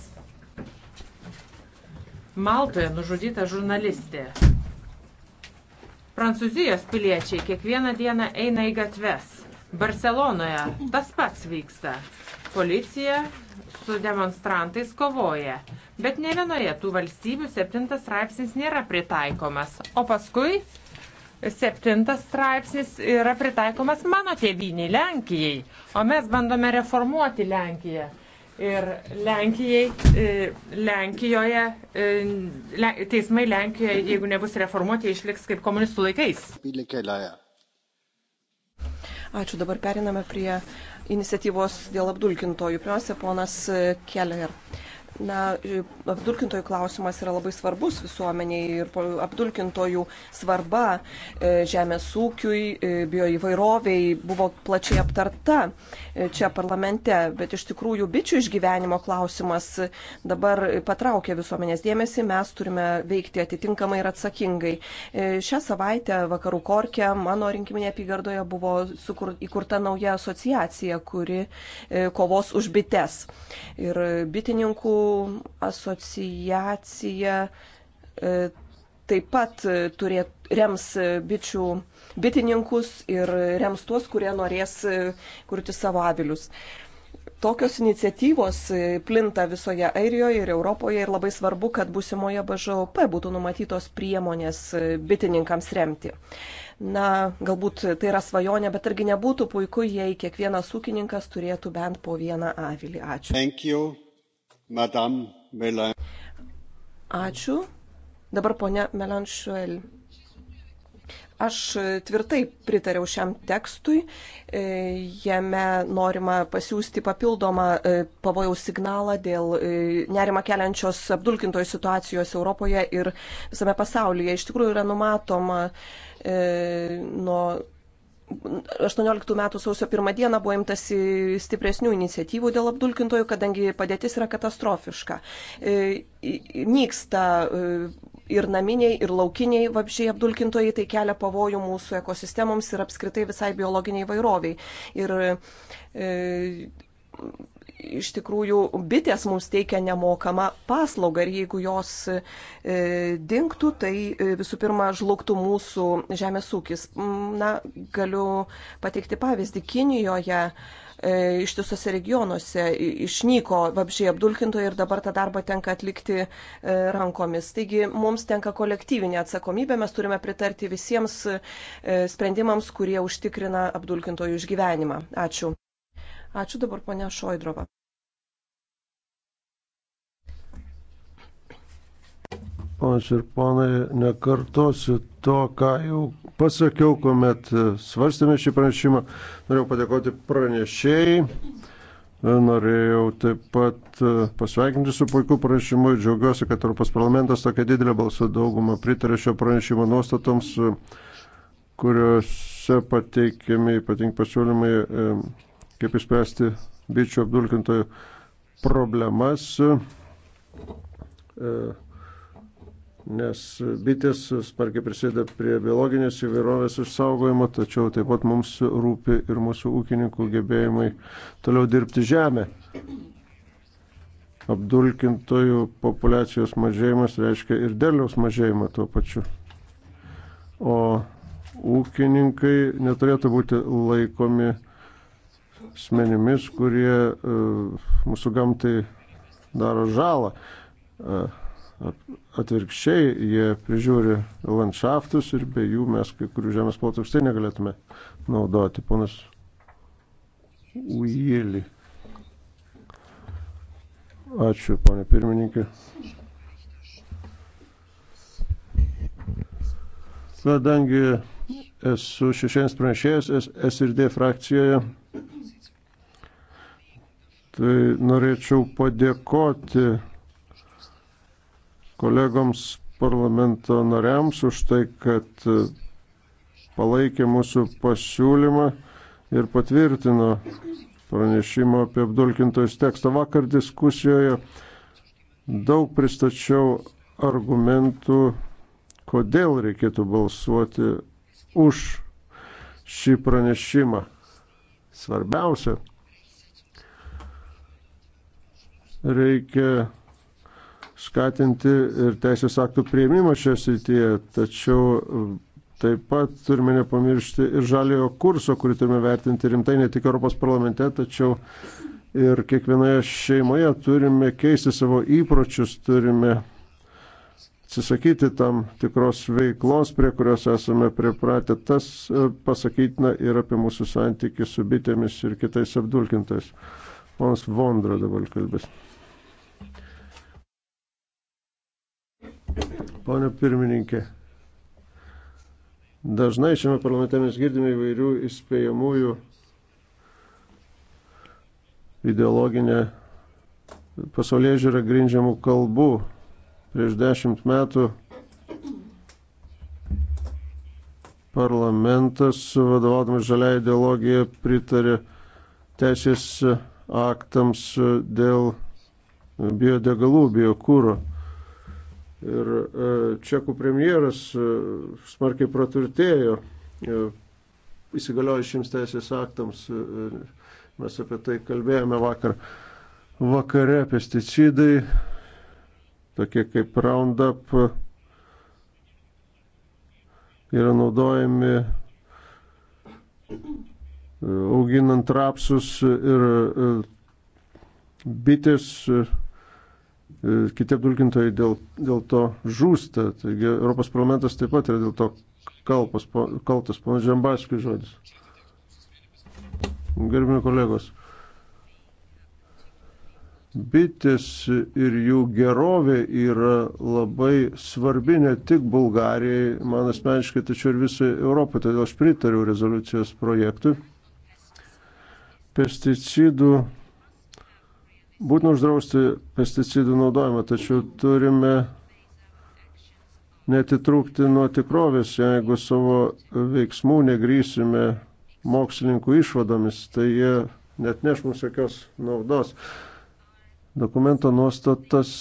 Maltoje nužudyta žurnalistė. Prancūzijos piliečiai kiekvieną dieną eina į gatves. Barcelonoje tas pats vyksta. Policija su demonstrantais kovoja. Bet ne vienoje tų valstybių septintas straipsnis nėra pritaikomas. O paskui septintas straipsnis yra pritaikomas mano tėviniai Lenkijai, o mes bandome reformuoti Lenkiją. Ir Lenkijai, e, Lenkijoje, e, le, teismai Lenkijoje, jeigu nebus reformuoti, išliks kaip komunistų laikais. Ačiū, dabar periname prie iniciatyvos dėl apdulkintojų. Pirmiausia, ponas Keller. Na, e, apdulkintojų klausimas yra labai svarbus visuomeniai ir apdulkintojų svarba e, žemės ūkiui, e, bioįvairoviai buvo plačiai aptarta čia parlamente, bet iš tikrųjų bičių išgyvenimo klausimas dabar patraukia visuomenės dėmesį, mes turime veikti atitinkamai ir atsakingai. Šią savaitę vakarų Korke mano rinkiminė apygardoje buvo sukur, įkurta nauja asociacija, kuri kovos už bites. Ir bitininkų asociacija e, taip pat turėt, rems bičių bitininkus ir rems tuos, kurie norės e, kurti savo avilius. Tokios iniciatyvos e, plinta visoje Airijoje ir Europoje ir labai svarbu, kad busimoje BŽOP būtų numatytos priemonės bitininkams remti. Na, galbūt tai yra svajonė, bet argi nebūtų puiku, jei kiekvienas ūkininkas turėtų bent po vieną avilį. Ačiū. Ačiū. Dabar ponia Melanšuel. Aš tvirtai pritariau šiam tekstui. E, jame norima pasiūsti papildomą e, pavojaus signalą dėl e, nerima keliančios apdulkintojų situacijos Europoje ir visame pasaulyje. Iš tikrųjų yra numatoma e, nuo 18 metų sausio 1 dieną buvo imtasi stipresnių iniciatyvų dėl apdulkintojų, kadangi padėtis yra katastrofiška. E, nyksta e, ir naminiai, ir laukiniai vabžiai apdulkintojai, tai kelia pavojų mūsų ekosistemoms ir apskritai visai biologiniai vairoviai. Ir e, iš tikrųjų bitės mums teikia nemokamą paslaugą ir jeigu jos e, dinktų, tai e, visų pirma žlugtų mūsų žemės ūkis. Na, galiu pateikti pavyzdį. Kinijoje e, ištisose regionuose išnyko vabžiai apdulkintojai ir dabar tą darbą tenka atlikti e, rankomis. Taigi mums tenka kolektyvinė atsakomybė, mes turime pritarti visiems e, sprendimams, kurie užtikrina apdulkintojų išgyvenimą. Ačiū. Ačiū dabar ponia Šoidrova. Ponas ir ponai, nekartosiu to, ką jau pasakiau, kuomet svarstėme šį pranešimą. Norėjau padėkoti pranešėjai. Norėjau taip pat e, pasveikinti su puikiu pranešimu ir džiaugiuosi, kad Europos parlamentas tokia didelė balsų dauguma pritarė šio pranešimo nuostatoms, kuriuose pateikiami ypatingi pasiūlymai e, kaip išspręsti bičių apdulkintojų problemas, e, nes bitės sparkiai prisideda prie biologinės įvairovės išsaugojimo, tačiau taip pat mums rūpi ir mūsų ūkininkų gebėjimai toliau dirbti žemę. Apdulkintojų populiacijos mažėjimas reiškia ir derliaus mažėjimą tuo pačiu. O ūkininkai neturėtų būti laikomi smenimis, kurie e, mūsų gamtai daro žalą. E, atvirkščiai jie prižiūri landšaftus ir be jų mes kai kurių žemės plotų apstai negalėtume naudoti. Ponas Ujėlį. Ačiū, ponė pirmininkė. Kadangi esu šešiems pranešėjas SRD frakcijoje, Tai norėčiau padėkoti kolegoms parlamento nariams už tai, kad palaikė mūsų pasiūlymą ir patvirtino pranešimo apie apdulkintojus tekstą. Vakar diskusijoje daug pristačiau argumentų, kodėl reikėtų balsuoti už šį pranešimą. Svarbiausia, reikia skatinti ir teisės aktų prieimimą šioje srityje, tačiau e, taip pat turime nepamiršti ir žaliojo kurso, kurį turime vertinti rimtai ne tik Europos parlamente, tačiau ir kiekvienoje šeimoje turime keisti savo įpročius, turime atsisakyti tam tikros veiklos, prie kurios esame pripratę. Tas e, pasakytina ir apie mūsų santykį su bitėmis ir kitais apdulkintais. Ponas Vondra dabar kalbės. Pone pirmininkė, dažnai šiame parlamente mes girdime įvairių įspėjamųjų ideologinę pasaulyje žiūrą grindžiamų kalbų. Prieš dešimt metų parlamentas, vadovaudamas žaliai ideologiją, pritarė teisės aktams dėl biodegalų, biokūro. Ir e, čekų premjeras e, smarkiai praturtėjo e, įsigaliojus šiems teisės aktams. Mes apie tai kalbėjome vakar. Vakare pesticidai, tokie kaip Roundup, yra naudojami auginant rapsus ir bitės E, kiti apdulkintojai dėl, dėl to žūsta. Taigi Europos parlamentas taip pat yra dėl to kalpas, kaltas, pana Žembaskis žodis. Gerbimi kolegos, bitės ir jų gerovė yra labai svarbi ne tik Bulgarijai, man asmeniškai, tačiau ir visai Europai, todėl aš pritariu rezoliucijos projektui. Pesticidų Būtina uždrausti pesticidų naudojimą, tačiau turime netitrūkti nuo tikrovės, jeigu savo veiksmų negrysime mokslininkų išvadomis, tai jie net neš mums jokios naudos. Dokumento nuostatas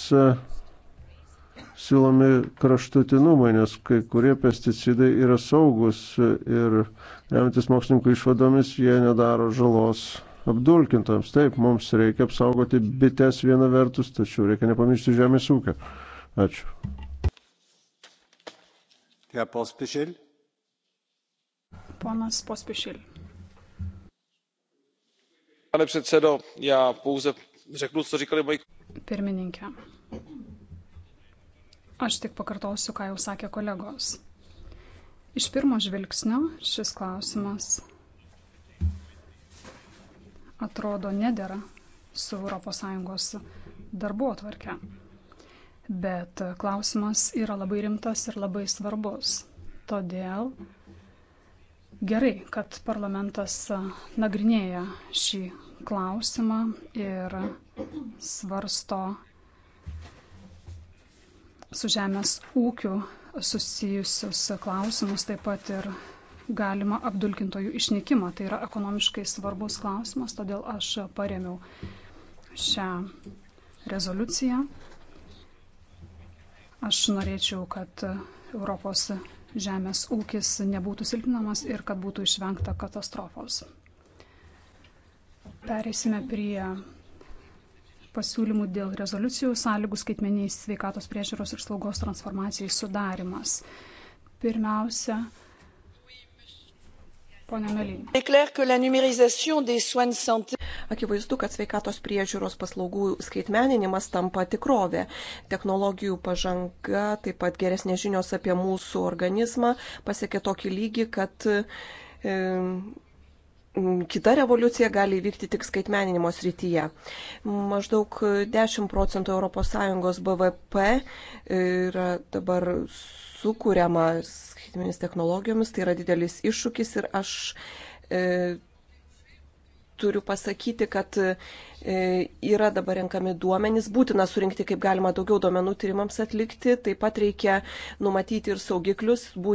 siūlomi kraštutinumai, nes kai kurie pesticidai yra saugus ir remiantis mokslininkų išvadomis jie nedaro žalos apdulkintojams. Taip, mums reikia apsaugoti bites viena vertus, tačiau reikia nepamiršti žemės ūkio. Ačiū. Ponas Pospišil. Pane předsedo, já pouze řeknu, co říkali moji. Pirmininkė. Aš tik pakartosiu, ką jau sakė kolegos. Iš pirmo žvilgsnio šis klausimas atrodo nedėra su ES darbo atvarke. Bet klausimas yra labai rimtas ir labai svarbus. Todėl gerai, kad parlamentas nagrinėja šį klausimą ir svarsto su žemės ūkiu susijusius klausimus, taip pat ir galima apdulkintojų išnykimą. Tai yra ekonomiškai svarbus klausimas, todėl aš paremiau šią rezoliuciją. Aš norėčiau, kad Europos žemės ūkis nebūtų silpinamas ir kad būtų išvengta katastrofos. Pereisime prie pasiūlymų dėl rezoliucijų sąlygų skaitmeniais sveikatos priežiūros ir slaugos transformacijai sudarimas. Pirmiausia, Pone Melyje. Akivaizdu, kad sveikatos priežiūros paslaugų skaitmeninimas tampa tikrovė. Technologijų pažanga, taip pat geresnės žinios apie mūsų organizmą pasiekė tokį lygį, kad e, kita revoliucija gali įvykti tik skaitmeninimo srityje. Maždaug 10 procentų ES BVP e, yra dabar sukūriamas informacinėmis technologijomis. Tai yra didelis iššūkis ir aš e, turiu pasakyti, kad e, yra dabar renkami duomenys, būtina surinkti kaip galima daugiau duomenų tyrimams atlikti, taip pat reikia numatyti ir saugiklius,